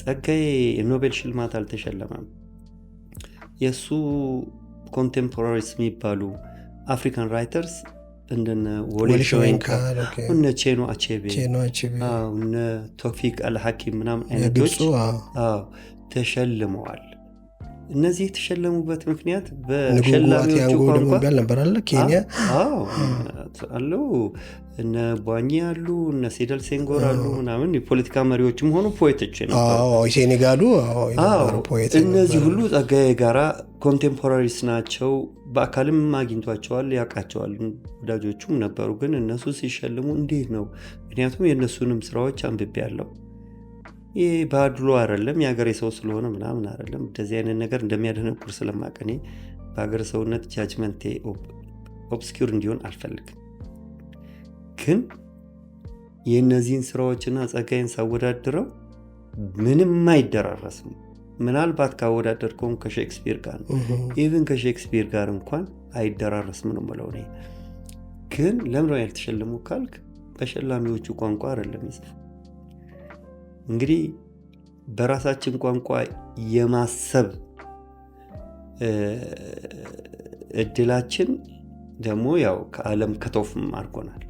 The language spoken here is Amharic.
ጸጋዬ የኖቤል ሽልማት አልተሸለመም። የእሱ ኮንቴምፖራሪስ የሚባሉ አፍሪካን ራይተርስ እንደነ ወሌሾንካ እነ ቼኖ አቼቤ እነ አልሐኪም ምናምን አይነቶች ተሸልመዋል። እነዚህ የተሸለሙበት ምክንያት በሸላሚዎቹ ቋንቋ ነበር አለው እነ ቧኚ አሉ እነ ሴደል ሴንጎር አሉ ምናምን የፖለቲካ መሪዎችም ሆኑ ፖየቶች ሴኔጋሉ እነዚህ ሁሉ ጸጋዬ ጋራ ኮንቴምፖራሪስ ናቸው። በአካልም አግኝቷቸዋል፣ ያውቃቸዋል። ወዳጆቹም ነበሩ። ግን እነሱ ሲሸልሙ እንዴት ነው? ምክንያቱም የእነሱንም ስራዎች አንብቤ ያለው ይህ በአድሎ አይደለም የሀገሬ ሰው ስለሆነ ምናምን አይደለም። እንደዚህ አይነት ነገር እንደሚያደነቁር ስለማቀኔ በሀገር ሰውነት ጃጅመንቴ ኦብስኪር እንዲሆን አልፈልግም። ግን የእነዚህን ስራዎችና ጸጋይን ሳወዳድረው ምንም አይደራረስም። ምናልባት ካወዳደርከውም ከሼክስፒር ጋር ነው። ኢቭን ከሼክስፒር ጋር እንኳን አይደራረስም ነው ምለው ግን ለምነው ያልተሸለሙ ካልክ በሸላሚዎቹ ቋንቋ አይደለም ይጽፍ እንግዲህ በራሳችን ቋንቋ የማሰብ እድላችን ደግሞ ያው ከዓለም ከቶፍም አድርጎናል።